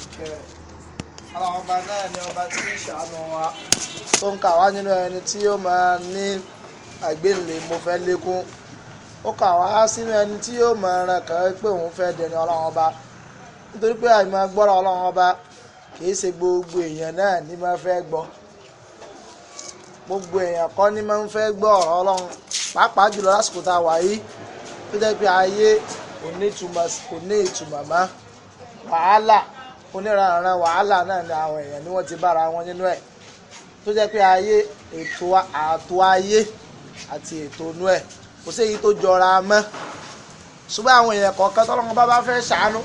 ìkẹrẹ ọba náà ọba tí wa tó ń kà wá nínú ẹni tí yóò máa ní àgbélé mo fẹ́ lékún ó kà wá sínú ẹni tí yóò máa ràn kàn pé òun fẹ́ dẹni ọlọ́run ọba nítorí pé gbogbo èèyàn náà ní máa fẹ́ gbọ́ gbogbo èèyàn kọ́ ní máa ń fẹ́ gbọ́ ọ̀rọ̀ ọlọ́run pàápàá jùlọ lásìkò tá a wà yìí tó jẹ́ pé ayé kò ní oníranran wàhálà náà ni àwọn èèyàn ni wọ́n ti bára wọn nínú ẹ̀ tó jẹ́ pé ayé ètò ààtò ayé àti ètò inú ẹ̀ kò sí èyí tó jọra mọ́ ṣùgbọ́n àwọn èèyàn kọ̀ọ̀kan tọ́lọ́mọ bá bá fẹ́ ṣàánú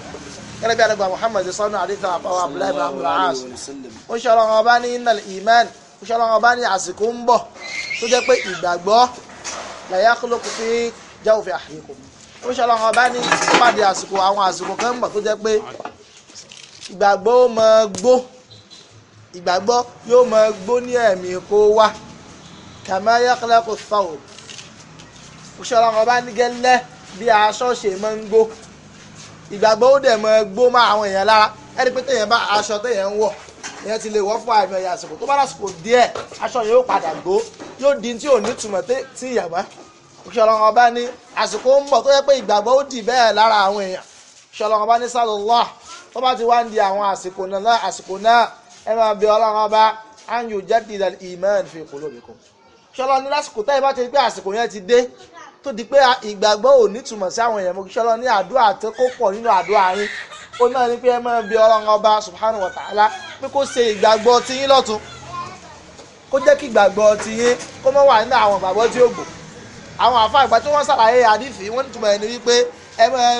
gẹ́gẹ́ bí àdàgbà Muhammad sanu adita àpáwọ̀ abdullahi ibn abdullahi ó ṣe ọlọ́run ọba ní innal iman ó ṣe ọlọ́run ọba ní àsìkò ń bọ̀ tó jẹ́ pé ìgbàgbọ́ la yakhluqu fi jawfi ahlikum ó ṣe ọlọ́run ọba ní pàdé àsìkò àwọn àsìkò kan ń bọ̀ tó jẹ́ pé ìgbàgbọ́ ó mọ gbó ìgbàgbọ́ yóò mọ gbó ní ẹ̀mí kó wá kàmá yẹ́kẹ́lẹ́ kò sọ̀rọ̀ òṣèlú ọkọ̀ bá ní gẹ́lẹ́ bí aṣọ ṣe máa ń gbó ìgbàgbọ́ ó dẹ̀ mọ gbó má àwọn èèyàn lára ẹni pé téèyàn bá aṣọ téèyàn ń wọ̀ èèyàn ti lè wọ̀ fún àmì ọ̀yà àsìkò tó bá lásìkò díẹ̀ aṣọ yẹn yóò padà gbó yóò di tí ò ní túmọ̀ tí ìyàgbá òṣèlú ọkọ̀ bá ní àsìkò ń bọ̀ tó yẹ pé ìgbàgbọ́ ó dì bẹ́ẹ̀ lára àwọn èèyàn òṣèlú ọkọ̀ bá ní sálọ́lá tó bá ti wá ń di àwọn àsìkò náà àsìkò náà ẹ máa bẹ ọlọ́run ọba an yujaddida al-iman fi qulubikum ṣọlọ ní lásìkò táyì bá ti rí pé àsìkò yẹn ti dé tó di pé ìgbàgbọ́ ò ní túmọ̀ sí àwọn èèyàn mo kí ṣọlọ ní àdúrà tó kó pọ̀ nínú àdúrà yín ó náà ní pé ẹ máa bẹ ọlọ́run ọba subhanahu wa ta'ala pé kó ṣe ìgbàgbọ́ tiyín lọ́tun kó jẹ́ kí ìgbàgbọ́ tiyín kó mọ́ wà nínú àwọn ìgbàgbọ́ tí ó gbò àwọn àfa ìgbà tí wọ́n ṣàlàyé àdìfì wọ́n túmọ̀ ẹni wípé ẹ máa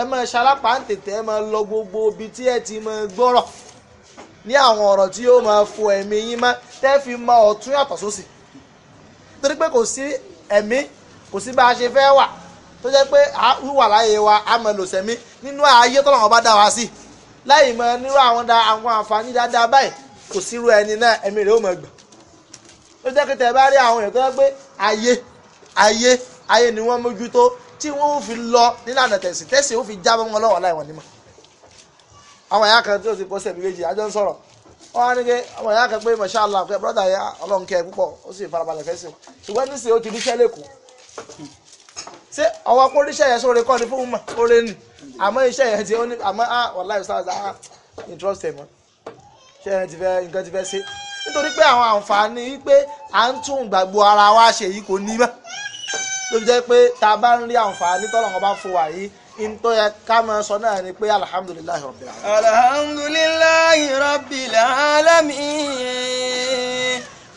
ẹ máa ṣalápá ń tètè ẹ máa lọ gbogbo ibi tí ẹ ti máa gbọ́rọ̀ ní àwọn ọ̀rọ̀ tí yóò máa fo ẹ̀mí yín mọ́ tẹ́ fi mọ ọ̀tún yàtọ̀ sósì torí pé kò sí ẹ̀mí kò sí bá a ṣe fẹ́ wà tó jẹ́ pé wíwà láyé wa a mọ̀ lò sẹ́mí nínú ayé tọ́lọ̀ wọn bá dá wa sí láì mọ nírú àwọn àwọn àǹfààní dáadáa báyìí kò sírú ẹni náà ẹ̀mí rẹ̀ ó mọ̀ gbà tó jẹ́ pé tẹ̀ bá rí àwọn èèyàn tó jẹ́ pé ayé ayé ayé ni wọ́n mójútó tí wọ́n fi lọ nílànà tẹ̀sìn tẹ̀sìn ó fi já bọ́ wọn lọ́wọ́ láìwọ̀n nímọ̀ àwọn ìyá kan tí ó ti kó sẹ̀mí méjì àjọ ń sọ̀rọ̀ wọ́n á ní pé àwọn ìyá kan pé masha allah pé brọ́dà ya ọlọ́run kẹ́ ẹ púpọ̀ ó sì farabalẹ̀ fẹ́ sí i ṣùgbọ́n ní sè ó ti ríṣẹ́ lẹ́kọ̀ọ́ ṣé ọwọ́ kó ríṣẹ́ yẹn sóore kọ́ ni fún mọ̀ oore ni àmọ́ iṣẹ́ yẹn ti àmọ́ ah wàhálà yóò sáà ah interest ẹ̀ mọ́ ṣé yẹn ti fẹ́ nǹkan ti fẹ́ ṣe nítorí pé àwọn àǹfààní pé à ń tún gbàgbọ́ ara wa ṣe yìí kò ní mọ́ ló fi jẹ́ pé tá a bá ń rí àǹfààní tọ́lọ̀ wọn fún wa yìí in tó yẹ ká máa sọ náà ni pé alhamdulilayi rabbil alamin. alhamdulilayi rabbil alamin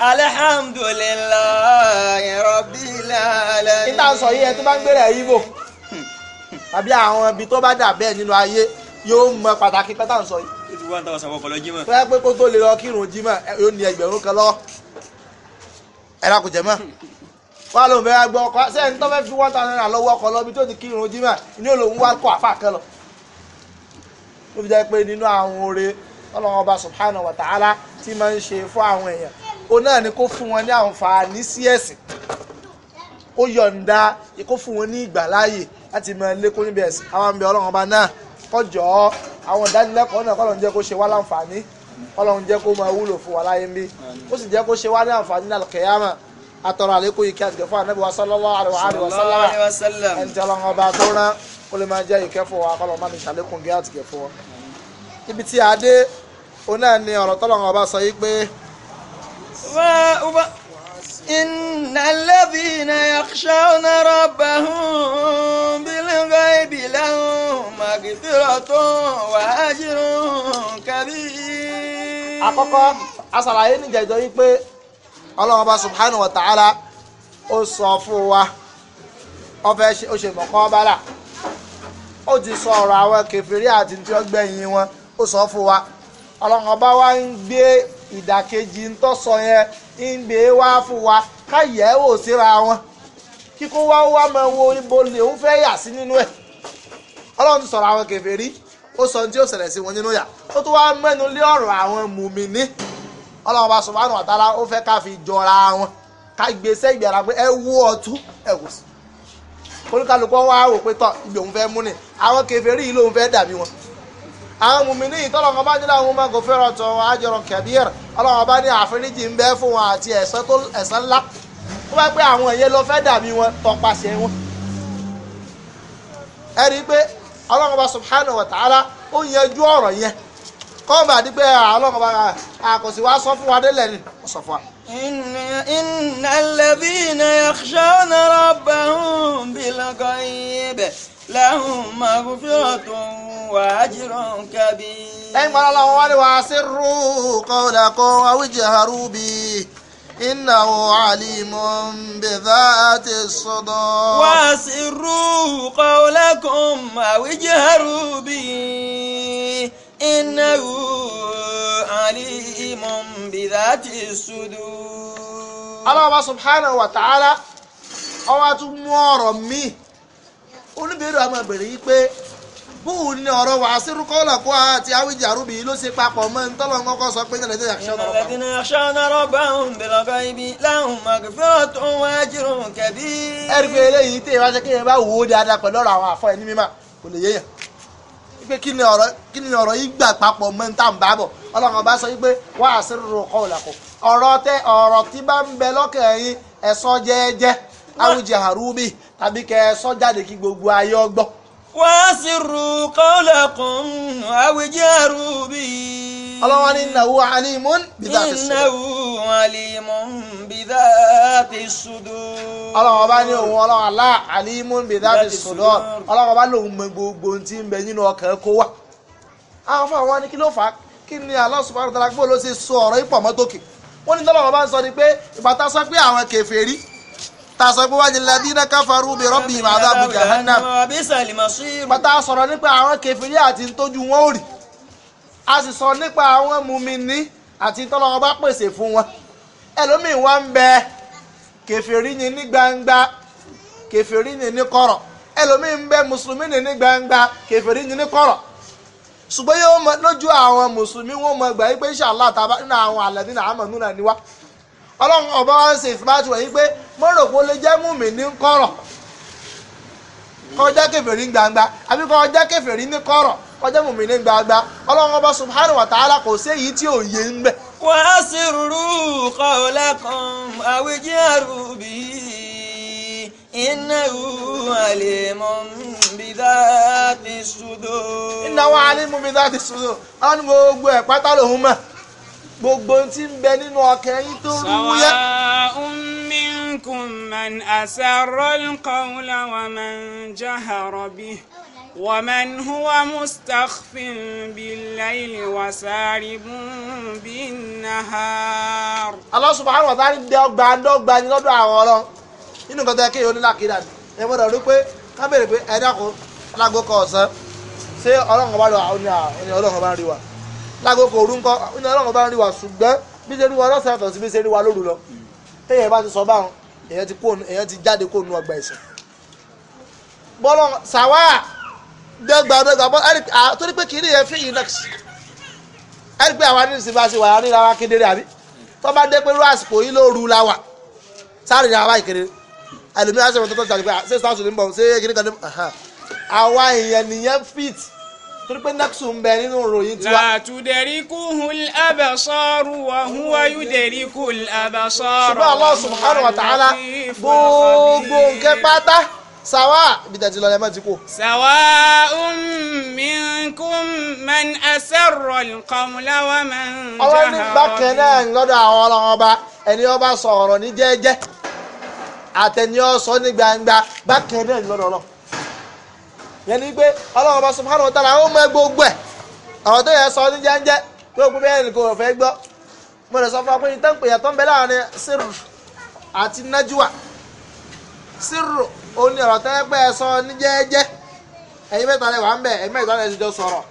alhamdulilayi rabbil alamin. níta sọ yìí ẹ tó bá ń gbèrè ìbò àbí àwọn ibi tó bá dà bẹ́ẹ̀ nínú ayé yóò mọ pàtàkì pẹ́tà ń sọ yìí. eighty one thousand kọkọ lọ jímọ̀. pẹ́ pé kó tó lè lọ kírun jímọ̀ yóò ní ẹgbẹ̀rún kan lọ ẹ̀rọ àkùjẹ́ mọ́ wà ló ń fẹ́ gbọ́ ọkọ sẹ́yìn tó fẹ́ fi one thousand naira lọ́wọ́ ọkọ lọ́bi tó ti kí irun jimá ní olóhùn wá kó àfa kan lọ. ó fi jẹ́ pé nínú àwọn oore ọlọ́run ọba subhanahu wa ta'ala tí máa ń ṣe fún àwọn èèyàn o náà ni kó fún wọn ní àǹfààní sí ẹ̀sìn kó yọ̀ǹda kó fún wọn ní ìgbàláyè láti máa lékún níbi ẹ̀sìn àwọn àmì ọlọ́run ọba náà kọjọ́ àwọn ìdánilẹ́kọ̀ọ́ náà kọ́lọ́run jẹ́ kó jẹ́ kó máa wúlò fún wa láyé ń bí ó sì jẹ́ kó ṣe wá ní àǹfààní ní àlùkẹ́yàmà atọrọ àlékún yìí kí a ti kẹ fún anabi wa sallallahu alayhi wa sallam ẹni tí ọlọ́run ọba tó rán kó lè máa jẹ́ ìkẹ́ fún wa kọ́lọ́ máa ní ìṣàlékún kí a ti kẹ fún wa. ibi tí a dé òun náà ni ọ̀rọ̀ tọ́lọ́run ọba sọ yìí pé. إن الذين يخشون ربهم بالغيب لهم مغفرة وأجر كبير. àkọ́kọ́ asàlàyé níjẹ̀jọ́ yìí pé ọlọ́run bá subhanahu wa ta'ala ó sọ fún wa ó fẹ́ ṣe ó ṣe mọ̀kọ́ bálà ó ti sọ ọ̀rọ̀ àwọn kẹfìrí àti tí ó gbẹ̀yìn wọn ó sọ fún wa ọlọ́run ọba wa ń gbé ìdàkejì ń tọ́ sọ yẹn ń gbé wá fún wa káyẹ̀ wò síra wọn kíkó wá wá mọ wo ibo lè ń fẹ́ yà sí nínú ẹ̀ ọlọ́run ti sọ̀rọ̀ àwọn kẹfìrí ó sọ ohun tí ó ṣẹlẹ̀ sí wọn nínú yà ó tún wá mẹ́nu lé ọ̀rọ̀ àwọn mùmíní ọlọ́run bá subhanahu wa ta'ala ó fẹ́ ká fi jọra wọn ká gbèsè ìgbàlá pé ẹ wú ọtún ẹ wò sí olúkálùkọ wá wò pé tọ ibi òun fẹ́ mú ni àwọn kèfèrí yìí lòun fẹ́ dàbí wọn àwọn mùmíní ìtọ́lọ́kọ̀ bá nílò àwọn ọmọ gòfẹ́rọ̀ tó wọn àjọrọ̀ kẹ̀bíẹ̀rẹ̀ ọlọ́wọ́n bá ní àforíjì ń bẹ fún wọn àti ẹ̀san ńlá ó bá pé àwọn ìyẹn ló fẹ́ dàbí wọn tọpasẹ̀ wọn. ẹ rí i pé ọlọ́wọ́n bá subhanahu wa ta'ala ó yanjú ọ̀rọ̀ yẹn kọ́ọ̀bù àdìgbẹ́ àlọ́kọ̀ bá àkọsí wa sọ fún wa délẹ̀ ni ó sọ fún wa. inna alladhina yakhshawna rabbahum bil إنه عليم بذات الصدور واسروا قولكم أو اجهروا به إنه عليم بذات الصدور الله سبحانه وتعالى ó wá tún mú ọ̀rọ̀ mi oníbèrè àmọ́ bèrè yìí pé bóun ni ọ̀rọ̀ wà á sírú kọ́lọ̀ kó àti àwíjà rúbi ló ṣe papọ̀ mọ́ ntọ́lọ́ kọ́kọ́ sọ pé nílẹ̀ tẹ́lẹ̀ yakhshawna rabbahum bil ghaibi lahum maghfiratun wa ajrun kabir. ẹ̀rí pé eléyìí tẹ̀ wá kéèyàn bá wò ó dáadáa pẹ̀lú ọ̀rọ̀ àwọn àfọ ẹni mímọ́ kò lè yéèyàn pé kí ni ọ̀rọ̀ kí ni ọ̀rọ̀ yìí gbà papọ̀ mọ́ níta ń bá bọ̀ ọlọ́run ọba sọ wípé wà á sí rúru kọ́ ọ̀làkọ̀ ọ̀rọ̀ tẹ ọ̀rọ̀ tí bá ń bẹ lọ́kàn yín ẹ jẹ́ẹ́jẹ́ awùjẹ àrùbí tàbí kẹ́ ẹ jáde kí gbogbo ayé ọgbọ́n واسروا قولكم أو جهروا به الله إنه عليم بذات الصدور إنه عليم بذات الصدور ọlọ́run ọba ní òun ọlọ́run alá àlímú bìdáàbì sùdọ́ọ̀ ọlọ́run ọba lòun mọ gbogbo ohun ń bẹ nínú ọkàn kó wà. àwọn fún àwọn kí ló fà á kí ni Allah subhanahu wa ta'ala ló ṣe sọ ọ̀rọ̀ ipò wọ́n ní tọ́lọ́run ọba ń sọ ni pé ìbátan sọ pé àwọn kèfèrí tasọ̀pọ̀ wájú ladina káfàrú bí rọ́bì màdábù jahannam pátá sọ̀rọ̀ nípa àwọn kẹfìrí àti ntójú wọn ò rí a sì sọ nípa àwọn mùmíní àti tọ́lọ́wọ́ bá pèsè fún wọn ẹlòmíín wá ń bẹ kẹfìrí ni ní gbangba kẹfìrí ni ní kọ̀rọ̀ ẹlòmíín bẹ mùsùlùmí ni ní gbangba kẹfìrí ni ní kọ̀rọ̀ ṣùgbọ́n yóò mọ lójú àwọn mùsùlùmí wọn mọ gbà yí tàbá nínú àwọn àlẹ́ nínú àmọ̀ nínú àníwá ọlọ́run ọba wa ń ṣe ìfúbátù rẹ̀ wípé mo rò pé ó lè jẹ́ múmi ní kọ̀rọ̀ kọjá kèfèrí ní gbangba àbí kọjá kèfèrí ní kọ̀rọ̀ kọjá múmi ní gbangba ọlọ́run ọba subhanahu wa ta'ala kò sí èyí tí ò yé ń bẹ̀. wa asirru qawlakum aw ijharu bihi innahu alimun bidhati sudur. innahu alimun bidhati sudur ọ̀n gbogbo ẹ̀ pátá lòun mọ̀ gbogbo tí ń bẹ nínú ọkàn yín tó rúwúyẹ́. sawa'un minkum man asarra al-qawla wa huwa mustakhfin bil-layli wa saribun bin-nahar. Allah subhanahu wa ta'ala ni lọ́dọ̀ àwọn ọ̀rọ̀ nínú nǹkan tó yẹ kéèyàn onílàkìlà ni ẹ gbọ́dọ̀ rí pé ká pé ẹ dákun alágbó kọ ọ̀sán ṣé ọlọ́run ọba rí wa lágòkò òru ńkọ iná ọlọ́run bá ń rí wa ṣùgbọ́n bí ṣe rí wa lọ́sàn yàtọ̀ sí bí ṣe rí wa lóru lọ téèyàn bá ti sọ báwọn èèyàn ti kó èèyàn ti jáde kó nu ọgbà ẹ̀sìn. bọ́lọ̀ sàwáà dọ́gba dọ́gba bọ́ torí pé kì í nìyẹn fi inex ẹni pé àwa ní ìsinmi àti wàhálà nílá wa kedere àbí tó bá dé pé irú àsìkò yìí lóru la wà sáré ní àwa ìkedere ẹlòmíràn ṣe wọn tó tọ́jú àti pé ṣé sáà sùn ní bọ̀ ṣé kìnnìkan ní àwa èèyàn nìyẹn fìtì torí pé nexus ń bẹ nínú ìròyìn tiwa. làtúndẹ̀rí kúhùn abẹ́sọ́rù wàhùn ayúdẹ̀rí kúhùn abẹ́sọ́rù. ṣùgbọ́n Allah subhanahu wa ta'ala gbogbo nǹkan pátá sawa bidati lọlẹ mọ ti kú. sawa minkum man asarra alqawla wa man jahara. ọlọ́run ní bákan náà lọ́dọ̀ àwọn ọlọ́run ẹni ọba sọ̀rọ̀ ní jẹ́jẹ́ àtẹni ó ní gbangba bákan náà lọ́dọ̀ ọlọ́run yẹn ni pé ọlọ́run ọba subhanahu wa ta'ala ó mọ gbogbo ẹ̀ àwọn tó yẹ sọ ní jẹ́ńjẹ́ pé òkú bẹ́ẹ̀ ni kò fẹ́ gbọ́ mo lè sọ fún wa pé ìtàn pèyà tó ń bẹ láàrin sírù àti nájúwà sírù ó ní ọ̀rọ̀ tẹ́lẹ̀ pé ẹ sọ ní jẹ́ẹ́jẹ́ ẹ̀yin mẹ́ta lẹ wà ń bẹ̀ ẹ̀yin mẹ́ta lẹ ti jọ sọ̀rọ̀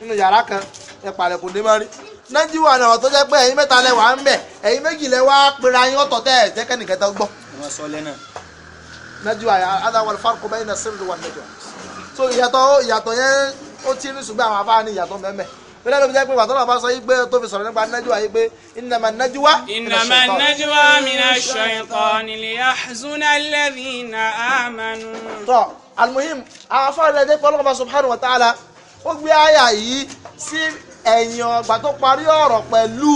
nínú yàrá kan ẹ pàlẹ́ kò dé mọ́rí nájúwà ni ọ̀rọ̀ tó jẹ́ pé ẹ̀yin mẹ́ta lẹ wà ń bẹ̀ ẹ̀yin méjì lẹ wá pera yín ọ̀tọ̀ tẹ́ ẹ̀ jẹ́ kẹ́nìkẹ́tẹ́ gbọ́. nájúwà yà á so ìyàtọ̀ ìyàtọ̀ yẹn ó ti ní ṣùgbọ́n àwọn afáàní ìyàtọ̀ mẹ́mẹ́ bí lẹ́nu jẹ́ pé pàtó náà bá sọ yí pé tó fi sọ̀rọ̀ nípa nájúwa yí pé ìnàmà nájúwa. ìnàmà nájúwa mina shaytani liyahzuna alladhina amanu. tọ́ almuhim àwọn afáàní ẹ̀jẹ̀ pé ọlọ́kọ̀ọ́ba subhanahu wa ta'ala ó gbé àyà yìí sí ẹ̀yìn ọgbà tó parí ọ̀rọ̀ pẹ̀lú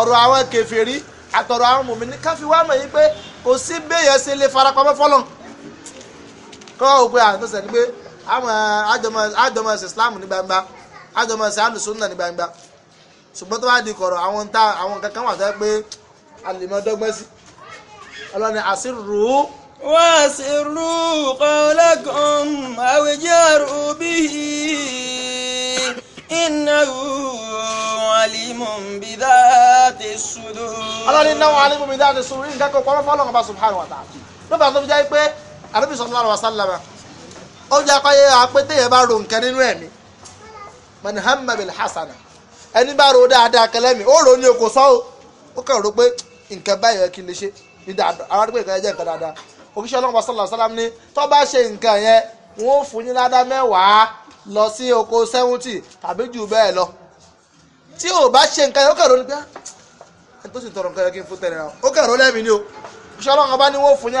ọ̀rọ̀ àwọn kèfèrí àtọ̀rọ̀ àwọn mùmíní káfíwá mọ̀ yí pé kò sí bẹ́ẹ̀ yẹn tó wà wò pé àwọn tó sẹ̀ ni pé àwọn àjọmọ̀ọ́sẹ̀ Islam ní gbangba àjọmọ̀ọ́sẹ̀ alùsùnà ní gbangba ṣùgbọ́n tó bá di kọ̀rọ̀ àwọn tá àwọn kankan wà tó pé àlèmọ́ dọ́gbọ́n sí ọlọ́ni àṣírù. wá àṣírù qawlakum aw jaru bihi innahu alimun bidhati sudur. ọlọ́ni náà alimun bidhati sudur nǹkan kan kọ́ fọ́lọ́run bá subhanahu wa ta'ala ló bá tó fi jẹ́ pé àdébí sallallahu alaihi wasallam ó jẹ́ apáyé apété yẹn bá ro nǹkan nínú ẹ̀mí man hamma bil hasana ẹni bá ro dáadáa kẹlẹ́mì ó ro ní oko sọ́ o ó kàn ro pé nǹkan báyìí kí n lè ṣe ní dáadáa àwọn àdúgbò ìkànnì jẹ́ nǹkan dáadáa òkúṣẹ́ ọlọ́run sallallahu alaihi wasallam ní tó bá ṣe nǹkan yẹn wọn ò fún yín ládàá mẹ́wàá lọ sí oko sẹ́wọ́ntì tàbí jù bẹ́ẹ̀ lọ tí o bá ṣe nǹkan yẹn ó kẹrọ nígbà ní wọn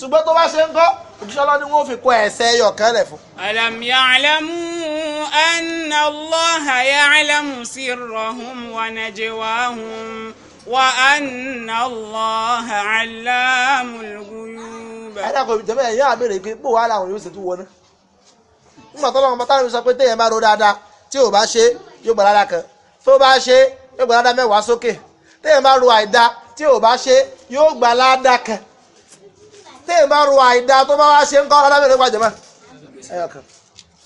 ṣùgbọ́n tó bá ṣe ń kọ́ òjíṣẹ́ ọlọ́ni wọn ò fi kó ẹ̀ṣẹ̀ ẹyọ kan lẹ̀ fún. alam ya'lamu anna Allaha ya'lamu sirrahum wa najwahum wa anna Allaha 'allamul ghuyub. ẹ dàgbọ́ ìjọba ẹ̀yìn àbẹ̀rẹ̀ pé bó wàhálà àwọn yóò ṣe tó nígbà tó lọ́wọ́ bàtà sọ pé téèyàn bá ro dáadáa tí ò bá ṣe yóò gbà ládàá kan tó bá ṣe yóò gbà ládàá mẹ́wàá sókè téèyàn bá ro àìda tí ò bá ṣe yóò gbà ládàá kan téèyàn bá ro àìda tó bá wá ṣe ń kọ́ ọlọ́dàbẹ̀ ló gbàjọba ẹyọkan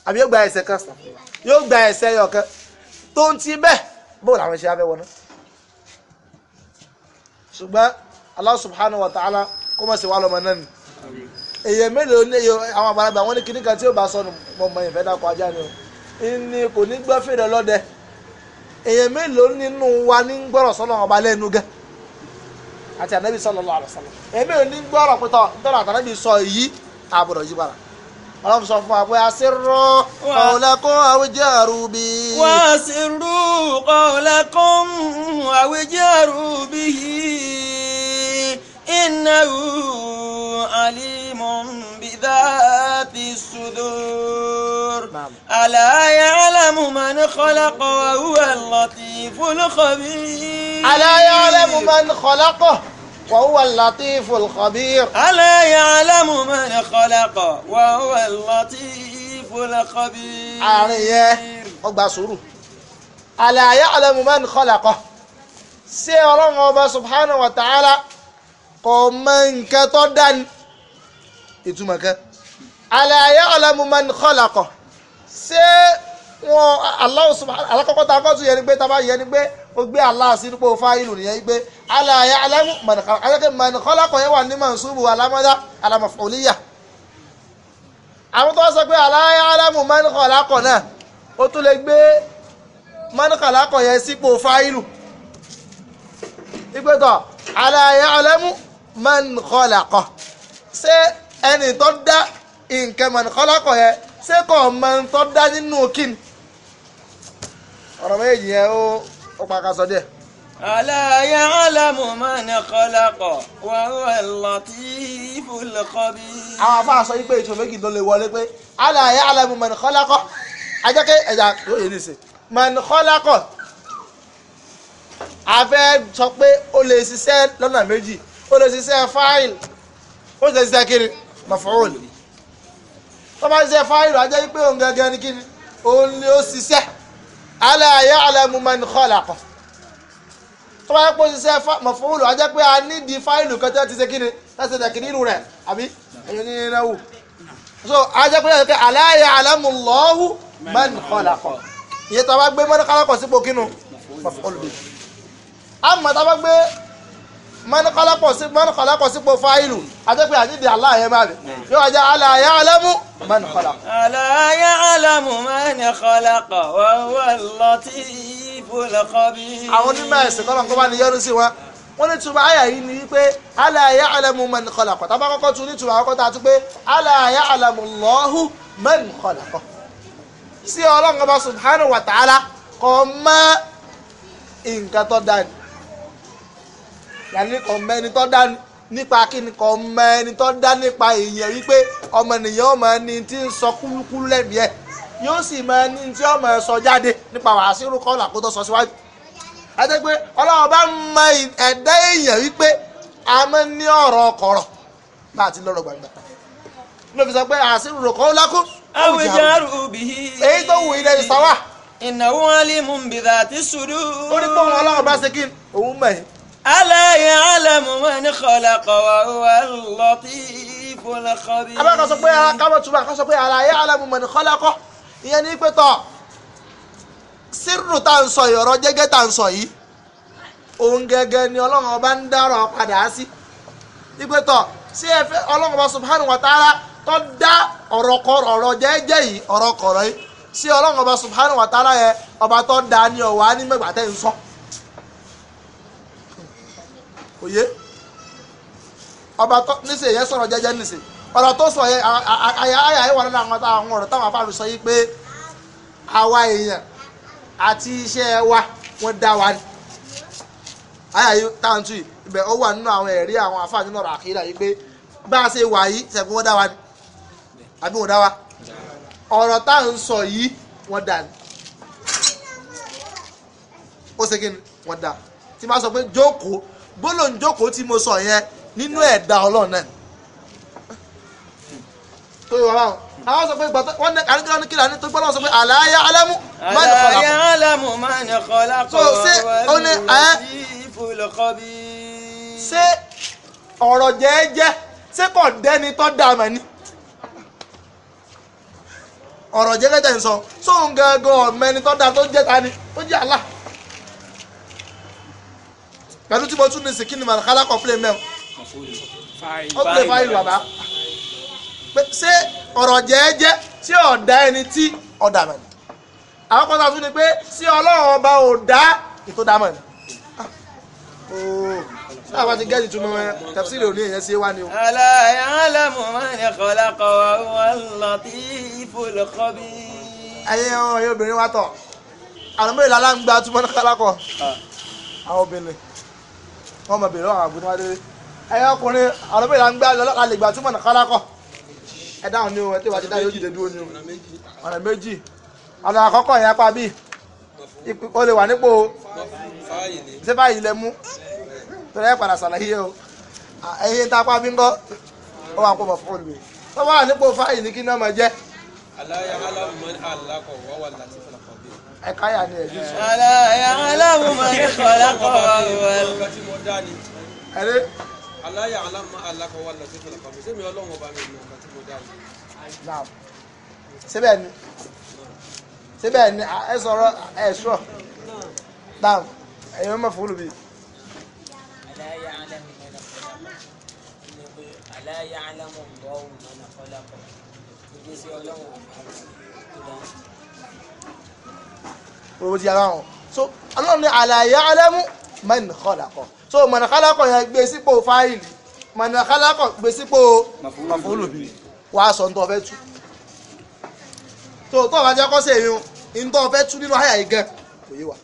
àbí yóò gba ẹsẹ̀ kan sàn yóò gba ẹsẹ̀ ẹyọkan tó ń ti bẹ́ẹ̀ bó làwọn ṣe abẹ́ wọná. ṣùgbọ́n Allah subhanahu wa ta'ala kó mọ̀ sí wa lọ́mọ náà ni èyàn mélòó ní àwọn àgbàlagbà wọn ní kinní kan tí yóò bá sọnù mọ mọ ìfẹ́ dákọ̀ ajá ni o ìní kò ní gbọ́ fèrè ọlọ́dẹ èyàn mélòó nínú wa ní gbọ́rọ̀ sọ́nà ọba lẹ́nu gẹ́ẹ́ àti ànábì sallallahu alaihi wasallam èmi ò ní gbọ́rọ̀ pẹ̀tọ́ nítorí àtànábì sọ èyí àbọ̀dọ̀ yí padà ọlọ́run sọ fún wa pé àṣírò qawlakum àwíjàrú bí. wà á sì rú qawlakum yìí. إنه عليم بذات الصدور نعم. ألا يعلم من خلق وهو اللطيف الخبير ألا يعلم من خلقه وهو اللطيف الخبير ألا يعلم من خلق وهو اللطيف الخبير àárín أبا سورو ألا يعلم من خلقه sí أبا سبحانه وتعالى kò mọ nǹkan tó dání ìtumọ̀ kan àlàyé ọ̀làmùmán kọ́làkọ̀ ṣé wọn Allahu subhanahu alákọ̀ọ́kọ́ tá a kọ́ tún yẹ ni pé tá a bá yẹ ni pé ó gbé Allah sí nípò fáìlù nìyẹn pé àlàyé ọ̀làmùmán kọ́làkọ̀ yẹn wà ní mansubu alámọ́dá alámọ̀fọ̀lìyà àwọn tó sọ pé àlàyé ọ̀làmùmán kọ́làkọ̀ náà ó tún lè gbé mọ́nìkọ̀lákọ̀ yẹn sípò fáìlù ìgbẹ́tọ̀ àlàyé ọ̀làmùmán man khalaqa ṣé ẹni tó dá nǹkan man khalaqa yẹn ṣé kò man tó dá nínú kíni ọ̀rọ̀ méjì yẹn ó ó pa ká sọ díẹ̀. Ala ya'lamu man khalaqa wa huwa al-latiful khabir. Àwọn afá sọ wípé ìtò méjì ló lè wọlé pé ala ya'lamu man khalaqa ajẹ́kẹ́ ẹ̀dá ló yẹ nìṣe. Man khalaqa a fẹ́ sọ pé ó lè ṣiṣẹ́ lọ́nà méjì ó lè ṣiṣẹ́ fáìl ó lè ṣiṣẹ́ kiri maf'ul tó bá ṣiṣẹ́ fáìl á jẹ́ pé òun gangan ni kiri òun ni ó ṣiṣẹ́ ala ya'lamu man khalaqa tó bá yẹ kó ṣiṣẹ́ maf'ul á jẹ́ pé a nídìí fáìlù kan tó ti ṣe kiri láti ṣe kiri irú rẹ̀ àbí ẹ̀yọ́ ní iná wù so á jẹ́ pé ala ya'lamu Allahu man khalaqa ìyẹn tó bá gbé man khalaqa sípò kínú maf'ul bi àmọ́ tó bá gbé man khalaqa sípò fáìlù àtẹ́pẹ́ àdídì Allah yẹn máa bẹ̀ yóò jẹ́ ala ya'lamu man khalaqa. ala ya'lamu man khalaqa wa huwa al-latiful khabir. àwọn onímọ̀ ẹ̀sìn kọ́lọ̀ kó bá ní yọrù sí wọn wọ́n ní tuba àyà yìí ni wípé ala ya'lamu man khalaqa tá a bá kọ́kọ́ tún ní tuba àkọ́kọ́ tá a tún pé ala ya'lamu Allahu man khalaqa sí yàní kò mọ ẹni tó dá nípa kíni kò mọ ẹni tó dá nípa èèyàn wípé ọmọnìyàn ọmọ ẹni tí ń sọ kúlúkúlú lẹ́mìí ẹ̀ yóò sì mọ ẹni tí ọmọ ẹ sọ jáde nípa wàásù kọ́ọ̀lù àkótó sọ síwájú àti pé ọlọ́run bá mọ ẹ̀dá èèyàn wípé a máa ní ọ̀rọ̀ ọkọ̀rọ̀ bá a ti lọ́rọ̀ gbàgbà ló fi sọ pé àṣírí rò kọ́ lákún. àwùjọ rúbì. èyí tó wù ألا يعلم من خلق وهو اللطيف الخبير. àbá kan sọ pé ara káwọn túbọ̀ kan ألا يعلم من خلق ìyẹn ní pé tọ̀ sírù tá à ń sọ yìí ọ̀rọ̀ jẹ́gẹ́ tá à ń sọ yìí òun gẹ́gẹ́ ni ọlọ́run ọba ń dárọ̀ padà sí ní pé tọ̀ sí ẹ̀fẹ́ ọlọ́run ọba subhanahu wa ta'ala tó dá ọ̀rọ̀ kọ̀rọ̀ yìí ọ̀rọ̀ yìí sí ọlọ́run ọba subhanahu wa ta'ala yẹ ọba tó dá ni ọ̀wá ní mẹ́gbàtẹ́ Oye, ọba tó níṣẹ́ yẹn sọ̀rọ̀ jẹ́jẹ́ níṣẹ́ ọ̀rọ̀ tó sọ yẹn àyà àyà yẹn wà lọ́dọ̀ àwọn àwọn ọ̀rọ̀ táwọn afáàlù sọ yìí pé àwa èèyàn àti iṣẹ́ wa wọ́n dá wa ni àyà yìí táwọn tù yìí ibẹ̀ ó wà nínú àwọn ẹ̀rí àwọn afáàlù nínú ọ̀rọ̀ àkìlà yìí pé bá a ṣe wà yìí ṣẹ̀gbọ́n wọ́n dá wa ni àbí wọ́n dá wa ọ̀rọ̀ tá sọ yìí wọ́n dà ní ó ṣe kí ni wọ́n dà tí máa sọ pé jókòó gbólóhùn jókòó tí mo sọ yẹn nínú ẹ̀dá ọlọ́run náà tó yọ wá àwọn sọ pé gbàtọ́ wọn ní àríkìlá ní kílà ní tó gbọ́dọ̀ sọ pé àlàyé alẹ́mú má ní kọlá àlàyé alẹ́mú má ní kọlá kọ́ ṣé ó ní ẹ ṣé ọ̀rọ̀ jẹ́ẹ́jẹ́ ṣé kò dẹ́ni tó dà mà ní ọ̀rọ̀ jẹ́ẹ́jẹ́ ń sọ sóun gangan ọ̀mẹ́ni tó dà tó jẹ́ ni tó jẹ́ Allah pẹ̀lú tí mo tún ní sìnkí ni màá kálá kọ̀ fúlẹ̀ mẹ́wọ̀ ó fúlẹ̀ fáyì bàbá ṣé ọ̀rọ̀ jẹ́ẹ́jẹ́ tí ọ̀dà ẹni tí ọ̀dà mọ̀ ni àwọn kan tàbí ni pé sí ọlọ́run ọba ò dá ètò dámọ̀ ni sáà ah. bá ti gẹ́ẹ̀jì tún mọ́ tafsiri òní èyàn sí wá ni o. ala ya'lamu man khalaqa wa huwa al-latiful khabir. ayé ọ̀hún obìnrin wa tọ̀ àlùmọ́ ìlàlá ń gba túmọ̀ ní ah. àwọn obìnrin wọ́n mọ̀ bèrè àwọn àgùntàn adé ẹ̀yìn ọkùnrin àwọn ọmọ ìlànà gbá lọ́lọ́ka lè gbà túmọ̀ náà kálákọ̀ ẹ dáhùn ní o ẹ tí wàá ti dáhùn yóò dìde dúró ní o ọ̀nà méjì ọ̀nà àkọ́kọ́ ìyá pa bíi o lè wà nípò ṣé báyìí lẹ mú tọ́lá ẹ̀ padà ṣàlàyé o ẹ̀yìn tá a pa bí ń kọ́ ó wà kó mọ̀ fún olùwẹ̀ tó wà nípò fáyìí ní kí ni ọmọ jẹ́ aláyàhálàmù mọ́ni àlákọ̀ wọ́n wà láti fọlọ́kọ̀ bí. ẹ káyà ni ẹ̀jú sọ. aláyàhálàmù mọ́ni fọlọ́kọ̀ wọ́n. ẹ̀rẹ́. aláyàhálàmù mọ́ni àlákọ̀ wọ́n láti fọlọ́kọ̀ bí. sẹ́mi ọlọ́run ọba mi mọ̀ kàtí mo dá ni. síbẹ̀ ni síbẹ̀ ni ẹ sọ̀rọ̀ ẹ sọ̀ dáhùn ẹ̀yin ọmọ fúlù bíi. aláyàhálàmù mọ́ni àlákọ̀ ìgbésí ọlọ́run òwò ti ara wọn so ọlọ́run ní àlàyé alẹ́mú mẹ́nìkọ́lákọ̀ so mẹ́nìkọ́lákọ̀ yẹn gbé sípò fáìlì mẹ́nìkọ́lákọ̀ gbé sípò màfúlùbí wàá sọ ní so fẹ́ tú tó tó bá jẹ́ kọ́ sí èyí ń wa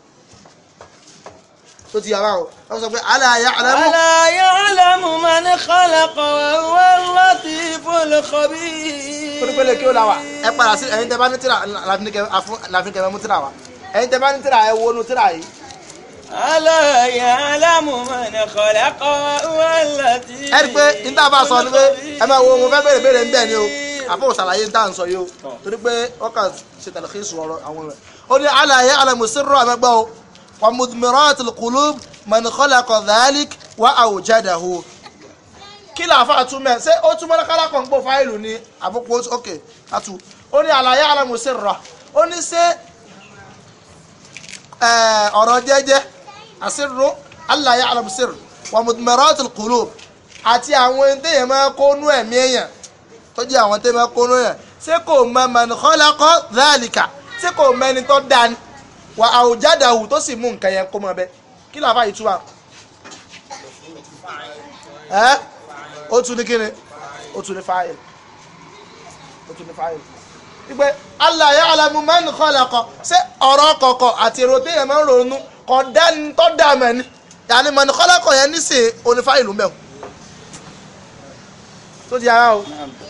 tó ti yàrá o wọ́n sọ pé ala ya'lamu. ala ya'lamu man khalaqa wa huwa al-latiful khabir. pérépéré kí o la wa ẹ padà sí ẹ̀yin tẹ bá ní tíra láàfin kẹmẹ mú tíra wa ẹ̀yin tẹ bá ní tíra ẹ wo nu tíra yìí. ala ya'lamu man khalaqa wa huwa al-latiful khabir. ẹ rí i pé n ta bá sọ ni pé ẹ máa wo mo fẹ́ béèrè béèrè ń bẹ̀ ni o àfọwọ́ sàlàyé ń tà ń sọ yìí o torí pé ọkàn ṣètàlẹ́kì sọ̀rọ̀ àwọn rẹ̀ ó ní ala ya'lamu sirra àmẹ́gbọ́ o wa mudmirat alqulub man khalaqa dhalik wa awjadahu kí làáfà túmẹ̀ ṣé ó túmọ̀ ní kálákọ̀ ń gbó fáìlù ni àbúkù ok àtú ó ní àlàyé alamu sirra ó ní ṣé eh, ọ̀rọ̀ jẹ́jẹ́ àṣírò àlàyé alamu sirra wa mudmirat alqulub àti àwọn ẹni téèyàn máa kónú ẹ̀mí èèyàn tó jẹ́ àwọn téèyàn máa kónú èèyàn ṣé kò mọ man khalaqa dhalika ṣé kò mọ ẹni tó dání wa àwùjádàwù tó sì mú nǹkan yẹn kó mọ bẹ kí làbá yìí túwà ẹ ó tún ní kíni ó tún ní fáyìlì ó tún ní fáyìlì wípé Allah ya'lamu man khalaqa ṣé ọ̀rọ̀ kọ̀kọ̀ àti èrò téèyàn máa ń ronú kọ̀ dání tó dà mẹ́ni yàní man khalaqa yẹn nísìnyí onífáyìlì mẹ́wò tó di ara o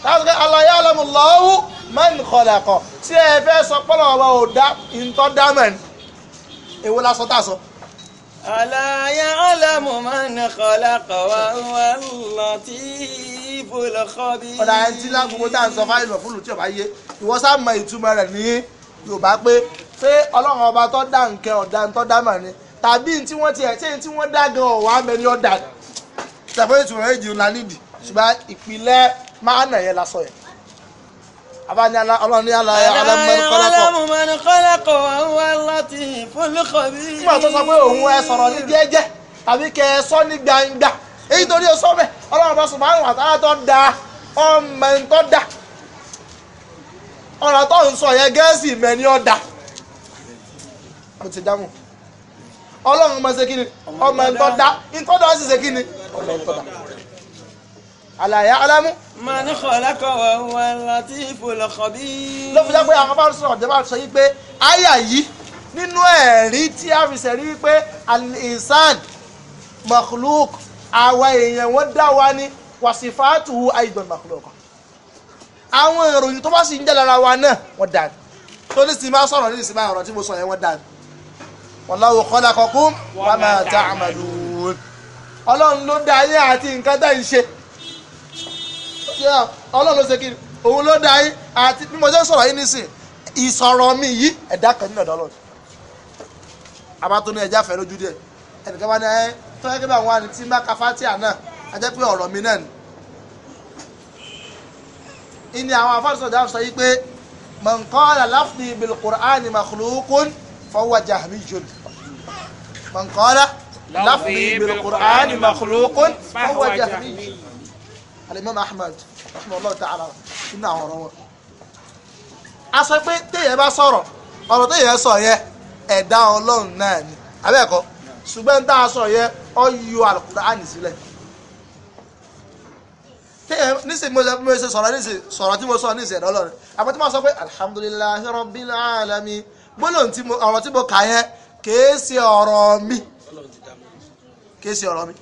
láti Allah ya'lamu Allahu man khalaqa ṣé ẹ fẹ́ sọ pọ́nlọ́wọ́ ò dá ìtọ́ dá mẹ́ni èwo la sọ tá a sọ. ala ya'lamu man khalaqa wa huwa latiful khabir. ọ̀dà ẹni tí lágbogbo tá à ń sọ fáyìlì lọ fúlù tí ọba yé ìwọ sá mọ ìtumọ̀ rẹ̀ ní yorùbá pé ṣé ọlọ́run ọba tó dá nǹkan ọ̀dà tó dá mà ni tàbí tí wọ́n ti ẹ̀ ṣé tí wọ́n dá gan ọ̀wá mẹ́ni ọ̀dà ṣàfihàn ìtumọ̀ rẹ̀ jù ńlá nídìí ṣùgbọ́n ìpìlẹ̀ máa nà yẹn lásọ yẹn àbáni ọlọ́run ní àlọ́ ọlọ́run kọ́lákọ̀. nígbà tó sọ pé òun ẹ sọ̀rọ̀ ní jẹ́jẹ́ tàbí kẹ ẹ sọ ní gbangba èyí torí ọsọ bẹ ọlọ́run bá sùn márùn àtàrà tó da ọmọ da ọ̀rọ̀ tó ń sọ yẹn gẹ́ẹ́sì mẹ́ni ọ̀dà mo ti dáhùn ọlọ́run máa ṣe kí ni ọmọ da nǹkan sì ṣe kí ni ọmọ da ala ya'lamu. man khalaqa wa huwa al-latiful khabir. ló fi jẹ́ pé àwọn bá sọ̀rọ̀ jẹ́ bá sọ yí pé àyà yìí nínú ẹ̀rí tí a fi sẹ̀rí pé al-insan makhluk àwa èèyàn wọ́n dá wa ní wasifatuhu aidan makhluk àwọn ìròyìn tó bá sì ń jẹ́ lára wa náà wọ́n dà tó ní sì máa sọ̀rọ̀ ní sì máa tí mo sọ yẹn wọ́n dà wallahu khalaqakum wa ma ta'malun ọlọ́run ló dá ayé àti nǹkan dá ń ṣe yà ọlọ́run ló ṣe kí òun ló dá yín àti bí mo ṣe sọ̀rọ̀ yín nísìn ìsọ̀rọ̀ mi yìí ẹ̀dá kan nínú ọ̀dọ́ ọlọ́run àbá tó ní ẹja fẹ́ lójú díẹ̀ ẹnìkan bá ní ẹ tó yẹ kí bá wọn àni tí ń bá ka fatia náà a jẹ́ pé ọ̀rọ̀ mi náà ni. ìní àwọn afáàsọ̀jà sọ yìí pé man qala lafzi bil qur'ani makhluqun fahuwa jahmiyun man qala lafzi bil qur'ani makhluqun fahuwa jahmiyun alimami ahmed rahimahullah ta'ala nínú àwọn ọ̀rọ̀ wọn. a sọ pé téèyàn bá sọ̀rọ̀ ọ̀rọ̀ téèyàn sọ yẹ ẹ̀dá ọlọ́run náà ni abẹ́ẹ̀kọ́ ṣùgbọ́n tá a sọ yẹ ọ yọ alukur'ani sílẹ̀ téèyàn nísìnyí mo ṣe mo ṣe sọ̀rọ̀ nísìnyí sọ̀rọ̀ tí mo sọ nísìnyí ẹ̀dá ọlọ́run àmọ́ tí mo sọ pé alhamdulillahi rabbil alamin gbólóhùn tí mo ọ̀rọ̀ tí mo kà yẹn kèé ṣe ọ̀rọ̀ mi kèé ṣe ọ̀rọ̀ mi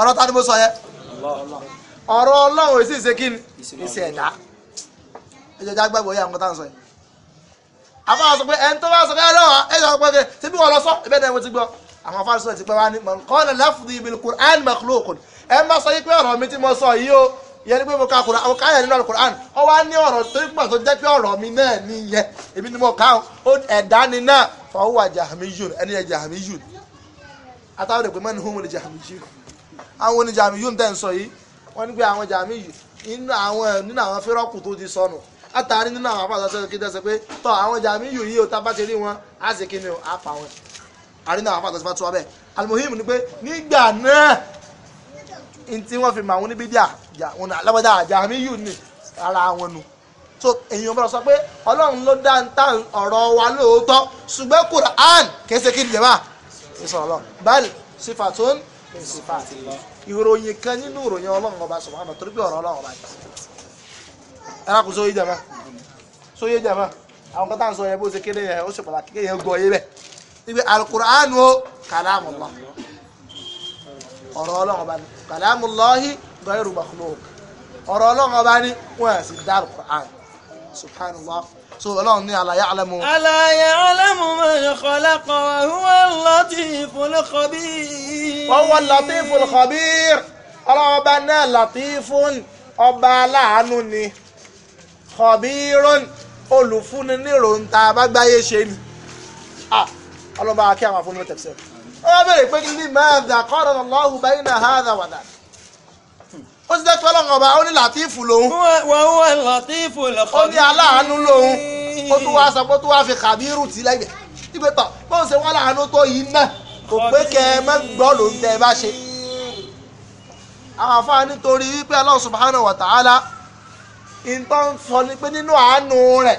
ọ̀rọ̀ ta ni mo sọ yẹ ọ̀rọ̀ ọlọ́run èsì ìṣe kí ni ìṣe ẹ̀dá ẹjọ́ já gbàgbọ́ yà ń kọ́tà ń sọ yìí àbá sọ pé ẹni tó bá sọ pé ẹ lọ́wọ́ ẹ sọ pé ẹ ṣe bí wọ́n lọ sọ ẹbẹ́ náà mo ti gbọ́ àwọn afáàsọ ẹ̀ ti pẹ́ wá ní mọ̀ nǹkan ọ̀nà láfùdí ibi Qur'an makhluqun ẹ má sọ yí pé ọ̀rọ̀ mi tí mo sọ yìí o yẹn pé mo ka Qur'an mo ká nínú Qur'an ọ wá ní ọ̀rọ̀ tó pọ̀ tó jẹ́ pé ọ̀rọ̀ mi náà nìyẹn èmi ni mo ká o ẹ̀dá ni náà fọwọ́ jahamiyun ẹni yẹn jahamiyun àtàwọn èdè pé mẹ́ni hùwù ni jahamiyun àwọn oníjàmíyún tẹ̀ ń sọ yìí wọ́n ní pé àwọn jàmí yìí nínú àwọn nínú àwọn fẹ́rọ́kù tó ti sọnù látàrí nínú àwọn afáàsọ sẹ́yìn kíndẹ́ sọ pé tọ́ àwọn jàmí yìí yìí ó ta bá ti rí wọn á sì kí ni ó á pa wọn àrí náà àwọn afáàsọ sẹ́yìn tó wà bẹ́ẹ̀ alimohim ni pé nígbà náà ntí wọ́n fi mọ àwọn oníbí díà wọn alábọ́dá àjàmí yìí ni ara wọn nu so èèyàn bọ́dọ̀ sọ pé ọlọ́run ló dá ta ọ̀rọ̀ wa lóòótọ́ ṣùgbọ́n Qur'an kèsèkì jẹ̀má ìsọ̀rọ̀ báyìí sífàtún sífàtún lọ ìròyìn kan nínú ìròyìn ọlọ́run ọba subhanahu torí pé ọ̀rọ̀ ọlọ́run ọba yìí ẹ̀rọ kò sóyè jẹ̀mọ́ sóyè jẹ̀mọ́ àwọn kan tá à ń sọ yẹn bó ṣe kéde yẹn ó ṣe pàtàkì kéde yẹn gbọ́ yé bẹ́ẹ̀ ibi alukur'anu o kalamullah ọ̀rọ̀ ọlọ́run ọba ni kalamullahi ghayru makhluq ọ̀rọ̀ ọlọ́run ọba ni wọ́n sì dá alukur'an subhanallah so ọlọ́run ní ala ya'lamu. ala ya'lamu man khalaqa wa huwa al-latiful khabir. wa huwa al-latiful khabir ọlọ́run ọba náà latifun ọba aláàánú ni khabirun olùfúnni níròǹta abágbáyé ṣe ni ọlọ́ba akẹ́ àwọn afúnni tẹ̀síọ̀. ó bẹ̀rẹ̀ pé kí ni mẹ́ẹ̀dà qara Allahu bayna hadha wa dhalika ó ti dẹ́pẹ́ lọ́wọ́ ọba ó ní làtífù lòun. wọ́n wọ́n làtífù lọ́kọ́ ó ní aláàánú lòun ó tún wá sọ pé ó tún wá fi kàbírù tì lẹ́gbẹ̀ẹ́ ìgbẹ́ tọ̀ bóun ṣe wọ́n láàánú tó yìí náà kò pé kẹ ẹ mọ́ gbọ́ lòun tẹ ẹ bá ṣe. àwọn afáà nítorí wípé Allah subhanahu wa ta'ala ìtọ́ ń sọ ni pé nínú àánú rẹ̀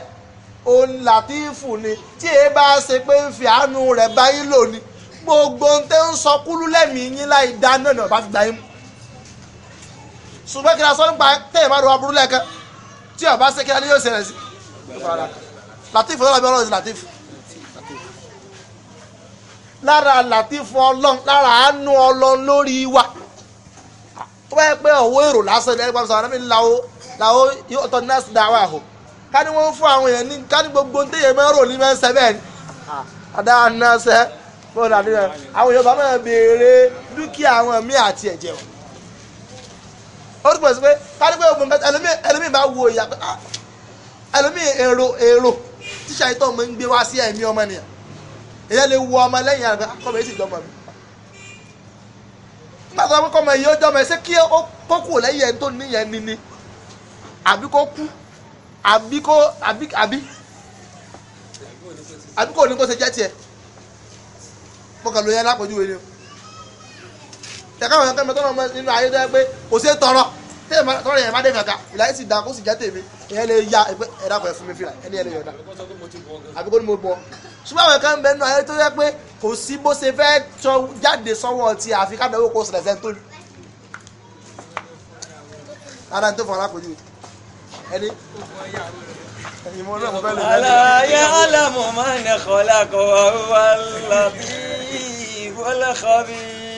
òun làtífù ni tí èé bá ṣe pé ń fi àánú rẹ̀ báyìí lò ní gbogbo ohun tẹ́ ń sọ kúlú lẹ́mìí yín láì dá náà ní ọ̀bá ṣùgbọ́n kí n sọ nípa tẹ́yìn bá rọ aburú lẹ́ẹ̀kan tí ọba ṣe kí n yóò ṣẹlẹ̀ sí. latif ọlọ́run ọlọ́run ti latif. lára latif ọlọ́run lára àánú ọlọ́run lórí wa tó bá yẹ pé ọ̀wọ́ èrò lásán ní ẹgbẹ́ sọ̀rọ̀ níbi làwọ̀ yóò tọ́ nọ́ọ̀sì dáwọ́ àhò ká ní wọ́n fún àwọn èèyàn ní ká ní gbogbo téèyàn máa rò ní mẹ́sẹ̀ bẹ́ẹ̀ ni àdáhà nọ́ọ̀sẹ̀ fún ó túbọ̀ sí pé kárí pé ogun kẹta ẹlòmíì bá wo ìyá pé ah, ẹlòmíì èrò èrò tíṣà ìtọ́ mi ń gbé wá sí ẹ̀mí ọmọ nìyà èyẹ lè wo ọmọ lẹ́yìn àgbẹ̀ akọ́mọ ah, èyí sì jọmọ mi nígbà tó kọ́ ọmọ èyí ó jọmọ ẹ ṣé kí ó kú lẹ́yìn ẹni tó níyẹn níní àbí kó kú àbí kó àbí àbí àbí kò ní kó ṣe jẹ́ tiẹ̀ mo kàn lóyún alápọ̀jù wẹ̀ ni o tẹ̀káwọn yẹn kẹ́mi tọ́lọ́ nínú ayé tó yẹ pé kò sí tọrọ tọrọ yẹn má dé fẹ̀ka ìlàyé sì da kó sì já tèmi ìyẹn lè ya ẹgbẹ́ ẹ̀dá kan fún mi fìlà ẹni yẹn lè yọ̀dá àbíkó ni mo bọ̀ ṣùgbọ́n àwọn kan bẹ́ẹ̀ nínú ayé tó yẹ pé kò sí bó ṣe fẹ́ tọ jáde sọ́wọ́ ti àfi kábẹ́wò kó sẹ̀lẹ̀ fẹ́ tó ní. ara ń tó fún alákòjú ẹni. aláyé alámọ̀ máa ń kọ́ lákọ̀ọ́ wà lábí wọ́lá kọ́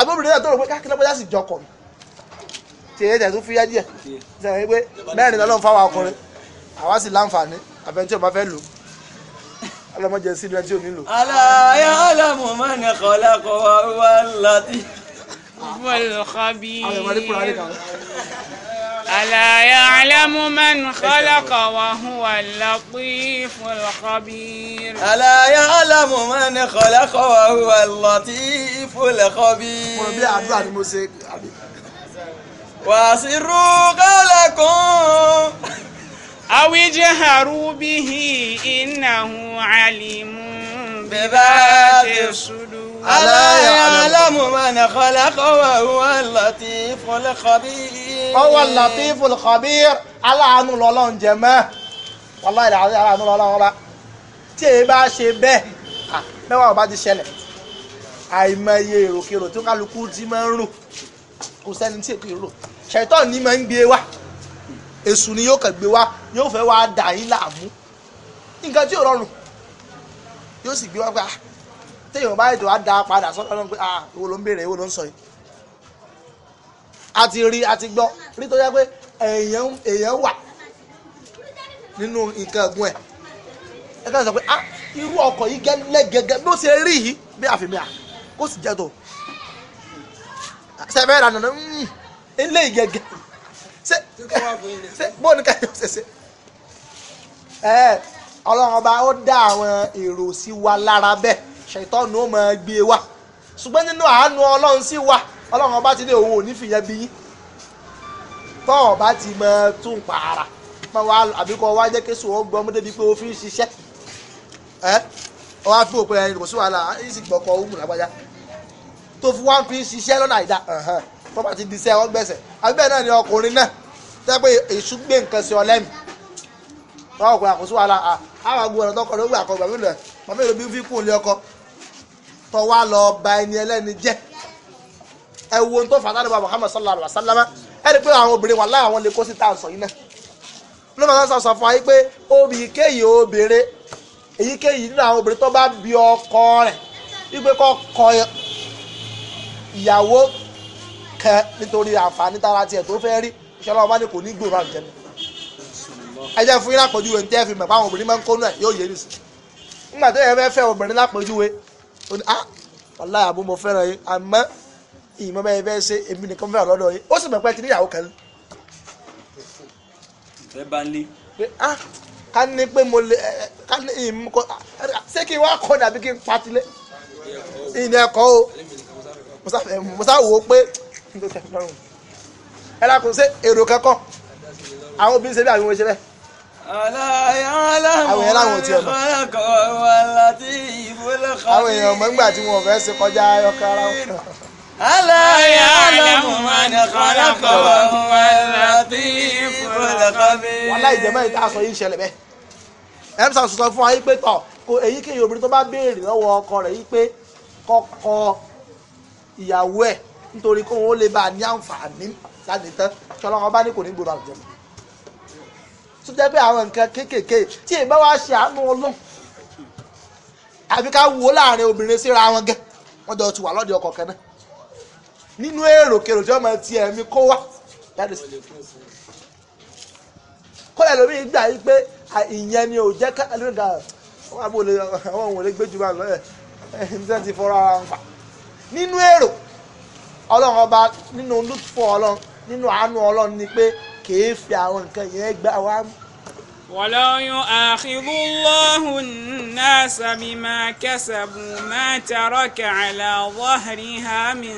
àbúrò náà tó rò pé káàkiri lọ́pọ̀ yá sì jọkọ̀ mi tiẹ̀ yẹn tẹ̀sùn fúyá díẹ̀ sẹ́yìn pé mẹ́rin lọ́lọ́run fáwọn ọkùnrin àwa sì láǹfààní àfẹn tí o bá fẹ́ lò ọlọ́mọdé sí ìlú tí o nílò. aláya alámọ̀ máa ń kọ́ lákọ̀ọ́ wá láti. wọ́n lọ́ọ́ kábíyé. ألا يعلم من خلق وهو اللطيف الخبير ألا يعلم من خلق وهو اللطيف الخبير وأسروا قولكم أو اجهروا به إنه عليم بذات الصدور ألا يعلم من خلق وهو اللطيف الخبير هو اللطيف الخبير aláàánú lọ́lọ́run jẹ mọ́ wàláì aláàánú lọ́lọ́run ọba tí èyí bá ṣe bẹ́ẹ̀ mẹ́wàá ọba ti ṣẹlẹ̀ àìmọye èròkèrò tó kálukú ti máa ń rò kò sẹ́ni tí èkó rò ṣètò ní máa ń gbé wá èṣù ni yóò kàn gbé wá yóò fẹ́ wá dà yín láàmú nǹkan tí ò rọrùn yóò sì gbé wá pé ah téèyàn bá ètò á padà sọ́dọ̀ náà pé ah ló ń béèrè èwo ló ń sọ yìí a ti rí a ti gbọ́ rí pé èèyàn wà nínú nǹkan ẹ̀gún ẹ̀ ẹ kàn sọ pé irú ọkọ̀ yìí gẹ́lẹ́ gẹ́gẹ́ bí ó ṣe rí yìí bí àfihàn kó sì jẹ́ tó sẹ́fẹ́ rà nànà ilé hmm, ìgẹ̀gẹ̀ ṣe bó ní káyọ̀ ṣẹṣẹ ẹ ọlọ́run ọba ó dá àwọn èrò sí wa lára bẹ́ẹ̀ ṣètọ́nù ó máa gbé e wa ṣùgbọ́n nínú àánú ọlọ́run sì wà ọlọ́run ọba ti dé òun ò ní fìyẹn bí yín tọ́ ọba ti máa tún pààrà àbíkọ wa jẹ́ kéṣù ó gbọ́ ọmọdé bíi pé ó fi ń ṣiṣẹ́ ẹ́ ọba fún òpin ẹni kò sí wàhálà yìí sì gbọ́kọ̀ ó mú tó fi wá ń fi ṣiṣẹ́ lọ́nà àìdá tó bá ti di iṣẹ́ wọn gbẹ̀sẹ̀ àbí náà ni ọkùnrin náà tẹ́ pé èṣù gbé nǹkan sí ọ lẹ́mìí tọ́ ọkùnrin àkóso wàhálà àwọn agbóhùn ọ̀nà ló gbà kọ́ tó wá lọ ba ẹni ẹlẹ́ni jẹ́ ẹ wo ohun tó fà sáré bá Muhammad sallallahu alaihi wa sallam ẹ rí i pé àwọn obìnrin wà láwọn lè kó sí tá à ń sọ yìí náà ló máa sọ fún wa yìí pé obìnkéyìí obìnrin èyíkéyìí nínú àwọn obìnrin tó bá bi ọkọ rẹ̀ wípé kọ́ kọ ìyàwó kẹ nítorí àǹfààní tára tiẹ̀ tó fẹ́ rí ìṣọ́lá ọba ni kò ní gbòòrò àjẹ́ mi ẹ jẹ́ fún yín lápọ̀júwe ní tẹ́ fi mọ̀ pé àwọn obìnrin máa ń kó náà yóò yé nìsí nígbà tó yẹ fẹ́ fẹ́ obìnrin lápọ̀júwe ó ní ah wàláyà bó mo fẹ́ràn yín àmọ́ ìmọ̀ bẹ́ẹ̀ bẹ́ẹ̀ ṣe èmi nìkan fẹ́ràn lọ́dọ̀ yín ó sì mọ̀ pé ti níyàwó kan. ìfẹ́ bá ń lé. pé ah ká ní pé mo lè ká ní ìmú kọ ṣé kí n wá kọ́ dàbí kí n patilé ìní ẹ̀kọ́ o mo sá wò ó pé ẹ lákùn ṣe èrò kankan àwọn obìnrin ṣe bí àwọn ìwé ṣe bẹ́ẹ̀ àwọn èèyàn làwọn ò tiẹ̀ mọ̀ àwọn èèyàn mọ̀ nígbà tí wọn ò fẹ́ ṣe kọjá ayọ́kẹ́ ara wọn. aláya alamu mani kọlọkọ wàlàtí ìfọlọkọbí. wọn láì jẹ́ mẹ́rin tá a sọ yìí ṣẹlẹ̀ bẹ́ẹ̀ emsa sọ fún wa yìí pé tọ̀ kò èyíkéyìí obìnrin tó bá béèrè lọ́wọ́ ọkọ rẹ̀ yìí pé kọ́kọ ìyàwó ẹ̀ nítorí kóun ó lè bá a ní àǹfààní láti tán tí ọlọ́kọ bá ní kò ní gbòòrò àlùjẹ́ tó jẹ́ pé àwọn nǹkan kéékèèké tí ìbá wa ṣe àánú àbí ká wo láàrin obìnrin síra wọn gẹ́ wọ́n jọ ti wà lọ́dẹ ọkọ̀ kan nínú tí wọ́n máa ti ẹ̀mí kó wá jáde sí kọ́lá lómi gbà yí pé ìyẹn ni ò jẹ́ ká àwọn gbé jù lọ́yẹ̀ ti fọ́ra ara wọn fà nínú ọba nínú lùtùfọ́ ọlọ́run nínú àánú ọlọ́run ni pé kèé fi àwọn nǹkan yẹn gbà wá mú. ولا يؤاخذ الله الناس بما كسبوا ما ترك على ظهرها من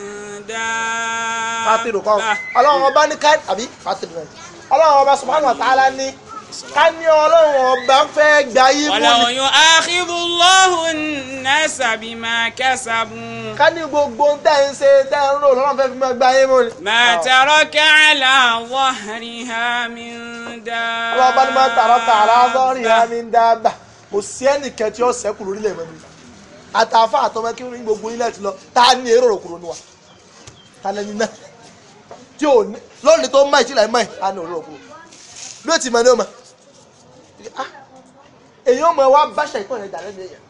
دابة. fatiru kan ọlọ́run ọba ní ká àbí fatiru kan ọlọ́run ọba subhanahu ta'ala ní ká ní ọlọ́run ọba fẹ́ gba yín mú ni. ọlọ́run yóò àkíbùlọ́hùn náà sàbí máa kẹ́sàbù. ká ní gbogbo ń tẹ́ ń ṣe tẹ́ ń rò lọ́run fẹ́ fi máa gba yín mú ni. máa kẹ́lá wọ́ọ̀rì ha ń dá. ọlọ́ba ni máa tẹ̀rọ wọ́ọ̀rì ha ń dá kò sí ẹnìkan tí ó sẹ́kù lórílẹ̀ mọ́ àtàfà àtọmọ kí ní gbogbo ilẹ̀ ti lọ tá a ní èrò òkúrò ní wa ta bí ó ti mọ̀ ní ọmọ ah, èyí ó mọ wá báṣà ìpọ̀ rẹ̀ dàrẹ́ nìyẹn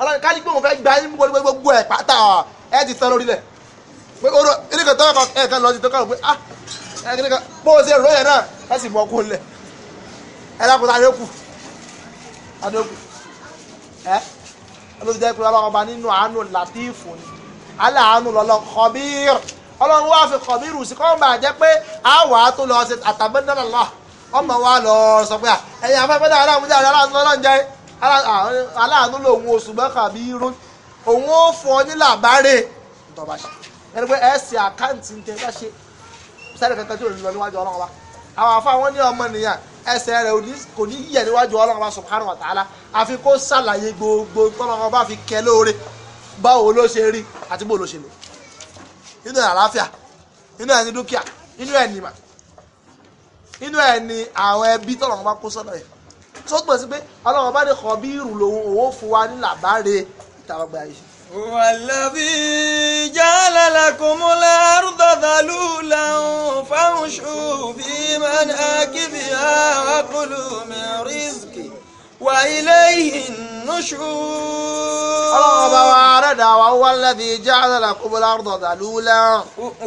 ọlọ́run ká ní pé òun fẹ́ gba yín gbogbo gbogbo ẹ̀ pátá ẹ ti tán lórí rẹ̀ pé oró eléka tó ẹ̀ kan lọ sí tó kàn pé ah eléka bó o ṣe rò yẹn náà ẹ sì mọ ọkọ lẹ ẹ dákun tá a ní kù a ní kù ẹ ẹ ló ti jẹ́ pé ọlọ́run ọba nínú àánú làtífù ni aláàánú lọ́lọ́ kọ́bírù ọlọ́run wá fi kọ́bírù sí kọ́ ọmọ wa lọ sọ pé ẹ̀yin afẹ́fẹ́dá aláàmúdá rẹ̀ aláàánú lọ́n jẹ́ aláàánú lòun oṣù mẹ́fà bí irun òun ó fún ọ ní làbárè tọba ṣe ẹni pé ẹsẹ àkáǹtì tẹ bá ṣe sẹ́ni kankan tí ò lọ níwájú ọlọ́run wa àwọn afọ àwọn ní ọmọ nìyàn ẹsẹ̀ rẹ̀ kò ní yẹ níwájú ọlọ́run wa subhanahu wa ta'ala àfi kó sàlàyé gbogbo tọ́lọ́run bá fi kẹ́ lóore báwo ló ṣe rí àti bó ló ṣe lò nínú àlàáfíà nínú ẹni dúkìá nínú ẹni ìmọ̀ nínú ẹ̀ ni àwọn ẹbí tọ́lọ̀ wọn bá kó sọ́dọ̀ ẹ̀ tó gbọ́n sí pé ọlọ́run bá lè kọ́ bí irú lòun òun fún wa ní làbáre ìtàgbà yìí. wàlàbí jálàlà kò mú lárúdọ̀ dàlú làwọn fáwọn ṣùfì máa ń akíbi àwọn akólú mi rìsíkì. وإليه ilayhi الله ọlọ́run bá wa rẹ̀dà wa walladhi ja'ala lakumul arda dhalula.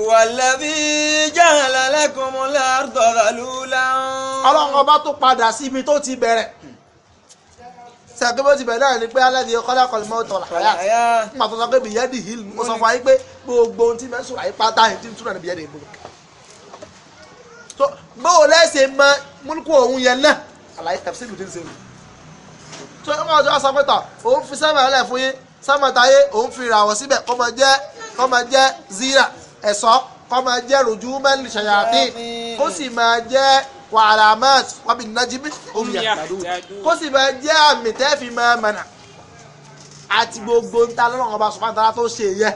walladhi ja'ala lakumul arda dhalula. ọlọ́run bá tó padà síbi tó ti bẹ̀rẹ̀ sàgbé bó ti bẹ̀rẹ̀ náà ni pé alẹ́ ni kọ́lá kọ́lá mọ́tò àlàyà nígbà tó sọ pé bìyẹ́dì hill mo sọ fún ayé pé gbogbo ohun tí mẹ́sùn àyè pátá yìí ti ń túnra ní bìyẹ́dì ìbò. bó o lẹ́sẹ̀ mọ múlùkù òun yẹn náà àlàyé tàbí sí ìlú tí ń sèwọ̀n tó ń bá tó wá sọ pé tọ̀ òun fi sẹ́mà ẹlẹ́ fún yín sẹ́mà táyé òun fi ràwọ̀ síbẹ̀ kọ́ máa jẹ́ kọ́ máa jẹ́ zira ẹ̀sọ́ kọ́ máa jẹ́ rojú mẹ́lì ṣayàtì kó sì máa jẹ́ wàhálàmẹ́t wàbí nájímì òun yà kó sì máa jẹ́ àmì tẹ́ẹ̀fì máa mẹ́nà àti gbogbo ń ta lọ́nà ọba sọ̀fà tara tó ṣe yẹ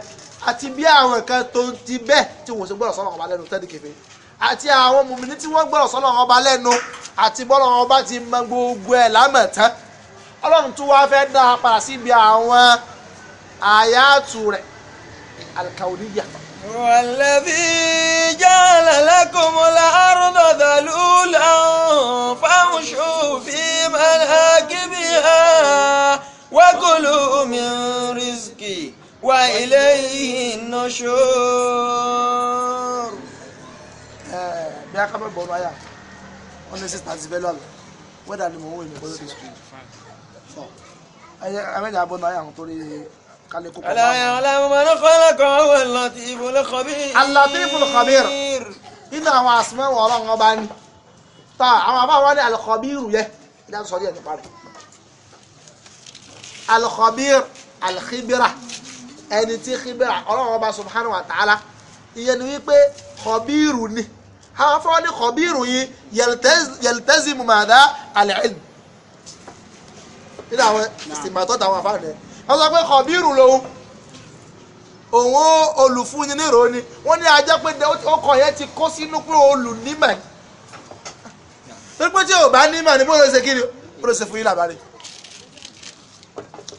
àti bí àwọn kan tó ń ti bẹ́ẹ̀ tí wọ́n ṣe gbọ́dọ̀ sọ́nà ọba lẹ́nu tẹ́lẹ̀ àti àwọn mùmìnì tí wọ́n gbọ́dọ̀ sọ́nà ọba lẹ́nu àti bọ́lọ̀ ọba ti mọ gbogbo ẹ̀ lámẹ̀tán ọlọ́run tún wáá fẹ́ dá a padà síbi àwọn àyàtù rẹ̀ alkaoniya. wàlẹ́bí jàlá lákòmọ́lá àrùndọ̀ dàlúlà fáwùṣù fi mẹ́lá kíbi ha wákòlù mi rìsíkì wà ilé iná ṣòro. Eh, bí a ká bọ̀ ọ́nà yà wọ́n sísè àti bẹ́ẹ̀ lọ́la wẹ́dà ni mò ń wò ní bọ́lá tó ẹ̀mẹ́jà abọ́ náà yà ń torí kálẹ̀ kókó. aláyàn aláwọ̀ máa ń kọ́ lọ́kọ̀ ọ̀wọ̀ Latif al-Khabir. Al-Latif al-Khabir nínú àwọn àsìmọ́ ìwọ̀ ọlọ́run ọba ni tá àwọn àbá wọn ní al-Khabiru yẹ ẹ̀dá sọ díẹ̀ nípa rẹ̀ al-Khabir ẹni tí Khibra ọlọ́run ọba subhanahu wa ta'ala ìyẹn ni wípé Khabiru ni àwọn afọwọ́ ní Khabiru yìí yaltazimu nínú àwọn ìsìnbàtọ́ tàwọn àfáàní ẹ̀ wọ́n sọ pé kọ̀bírù lòun òun olùfúnni nírò ni wọ́n ní ajá pé ọkọ̀ yẹn ti kó sínú pé olùnímọ̀ ni torí pé tí o bá nímọ̀ ni bó ló ṣe kí ni bó ló ṣe fún yín làbárí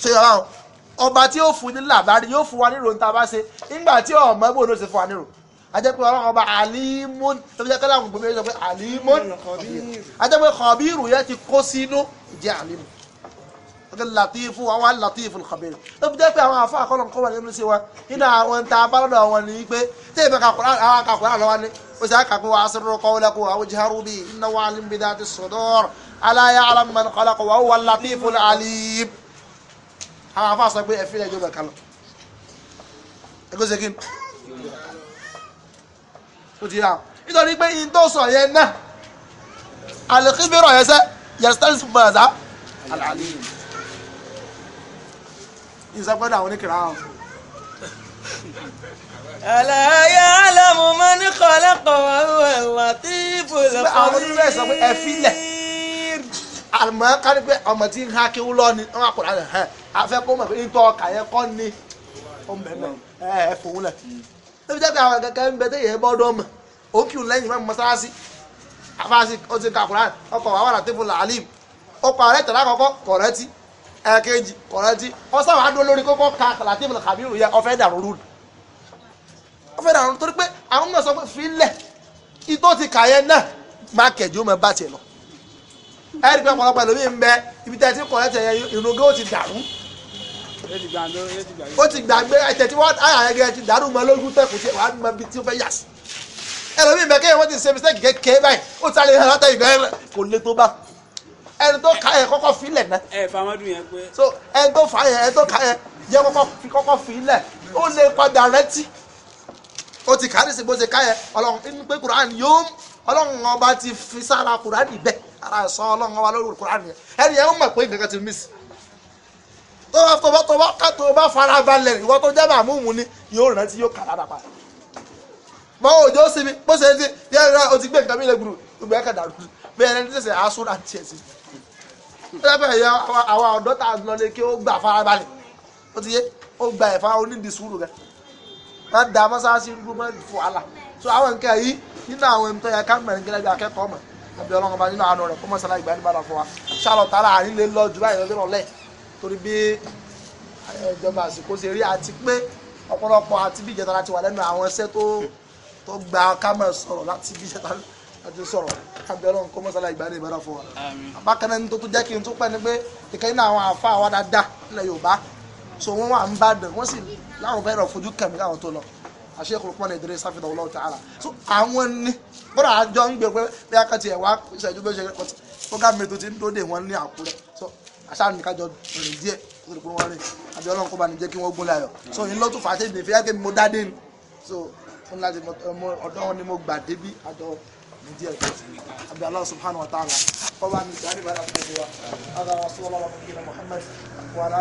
ṣe yọ̀rọ̀ àwọn ọba tí ó fún ní làbárí yóò fún wa nírò ní ta bá ṣe nígbà tí ọmọ bó ló ṣe fún wa nírò ajẹ́pẹ́ ọlọ́run ọba àlímún tó fi jẹ́ kẹ́lá àwọn gbòmìnira sọ pé àlímún ajẹ́pẹ́ kọ̀bírù yẹn ti kó sínú jẹ́ àlímún latifu àwọn alatifu khabir ló fi jẹ́ pé àwọn àfáà kọ́ ló ń kọ́ wà nínú sí wa nínú àwọn ta abálọ́dọ̀ wọn ni pé tí èmi kakura àwọn akakura lọ́wọ́ ni ó sì àkàkùn wa asirru qawlakum aw jharu bi innahu alim bi dhati sudur ala ya'lamu man khalaqa wa huwa al-latifu al-alim àwọn àfáà sọ pé ẹ̀fín ẹ̀jọ̀ bẹ̀ kalọ̀ ẹgbẹ́ ṣe kí n ó ti rà nítorí pé in tó sọ yẹn náà alẹ́ kí bẹ́rọ̀ yẹn sẹ́ yẹ ìsọgbọ́dọ̀ àwọn oníkìlá wọn. àlàyé alamu máa ní kọ́lẹ́kọ̀ọ́ wà tíìbù lọ́kọ́ àwọn onífẹ́ sọ pé ẹ filẹ̀ àmọ́ ká ní pé ọmọ tí ń ha kí wúlọ́ ni wọ́n á kọ̀ láti hàn afẹ́ kó mọ̀ pé ń tọ́ ọkà yẹn kọ́ ni ó mẹ́mẹ́ ẹ ẹ fòun lẹ̀. ebi jẹ́ pé àwọn kẹ̀kẹ́ ń bẹ tẹ́ yẹn gbọ́dọ̀ mọ̀ òkì lẹ́yìn mọ́ mọ́sálásí afáàsì ó ti ka Kùránì ọkọ̀ wàhálà tó fún làálìm ọkọ̀ rẹ̀ tẹ̀lé àkọ́kọ́ kọ̀rẹ́tì ẹ̀kejì kọ̀rántí ọ̀sán wàá dúró lórí kókó ka Latif Khabiru yẹ ọ̀fẹ́ dàrú rúd ọ̀fẹ́ dàrú torí pé àwọn mọ̀ sọ pé filẹ̀ itó ti kà yẹn náà má kẹ̀jú mọ̀ bá tiẹ̀ lọ ẹ̀rí pé ọ̀pọ̀lọpọ̀ ẹlòmíì ń bẹ ibi tẹ̀ tí kọ̀rántí yẹn ìrùngé ó ti dàrú ó ti gbàgbé ẹ̀tẹ̀ tí wọ́n ayà yẹn gẹ̀ ti dàrú mọ́ lójú tẹ̀kù tí wàá mọ ibi tí ó fẹ́ yà sí ẹlòmíì bẹ kéèyàn wọ́n ẹni tó ka yẹn kọ́kọ́ fi lẹ̀ náà. ẹ famadu yẹn pé. so ẹni tó fa yẹn ẹni tó ka yẹn yẹ kọ́kọ́ fi kọ́kọ́ fi lẹ̀ ó lè padà rántí ó ti kárí sí bó ṣe ká yẹn ọlọ́run inú pé kuran yóò ọlọ́run ọba ti fi sára kuran bẹ́ẹ̀ ara sọ ọlọ́run ọba lórí kuran yẹn ẹni yẹn ó mọ̀ pé nǹkan ti mí sí tó bá tó bá tó bá ká tó bá fara balẹ̀ ìwọ tó jẹ́ màmúùmù ni yóò rántí yóò kà dáadáa padà mọ òjò sinmi bó ṣe ń sin yẹ́n rẹ̀ o ti gbé nǹkan mi lẹ́gbùrú ìgbẹ́ kàdàrú bẹ́ẹ̀ ni tẹ̀sẹ̀ àásùn àti ẹ̀sìn lẹ́fẹ̀ẹ́ yẹ àwa ọ̀dọ́ tá a lọ lé kí ó gbà farabalẹ̀ ó ti yé ó gba ẹ̀fà onídìsúrù rẹ̀ má da mọ́sáàsì rúgbó má fò àlà so àwọn nǹkan yìí nínú àwọn ẹ̀mí tó yẹ ká mẹ́rin gẹ́gẹ́ bí akẹ́kọ̀ọ́ mọ̀ àbí ọlọ́run bá nínú àánú rẹ̀ kó mọ̀sálá ìgbà nígbà náà fún wa ṣálọ̀ tààrà àárín lè lọ jù báyìí lọ́dún ọ̀lẹ́ torí bí ìjọba àsìkò ṣe rí àti pé ọ̀pọ̀lọpọ̀ àti bí ìjẹta láti wà lẹ́nu àwọn iṣẹ́ tó gba ká sọ̀rọ̀ láti bí ìjẹta àti sọ̀rọ̀ abẹ́rẹ́ nǹkan mọ́sálà ìgbàdé ìbára fún wa. àbákanáà ní tó tó jẹ́ kí n tó pẹ́ ni pé ìkan nínú àwọn àfa àwa dáadáa nílẹ̀ Yorùbá so wọ́n wà ń bá dàn wọ́n sì láwọn fẹ́ràn fojú kẹ̀mí káwọn tó lọ àṣẹ kòlùpọ̀ ní ìdílé sáfìdà Allahu ta'ala so àwọn ni, bọ́dà àjọ ń gbé pé bí a kàn ti ẹ̀wá ìṣẹ́jú bẹ́ẹ̀ ṣe kọ́ program mi tó ti ń dóde wọn ní Àkúrẹ́ so àṣà mi kájọ rìn díẹ̀ lórí pé wọ́n rìn àbí Ọlọ́run kó bá ní jẹ́ kí wọ́n gún láyọ̀ so yìí ló tún fàá ṣe ìdìfẹ́ kí mo dá dé ni so fún láti ọ̀dọ́ wọn ni mo gbà débí àjọ ní díẹ̀ tó àbí Allah subhanahu wa ta'ala kọ́ bá mi sáré bá dà fún wa.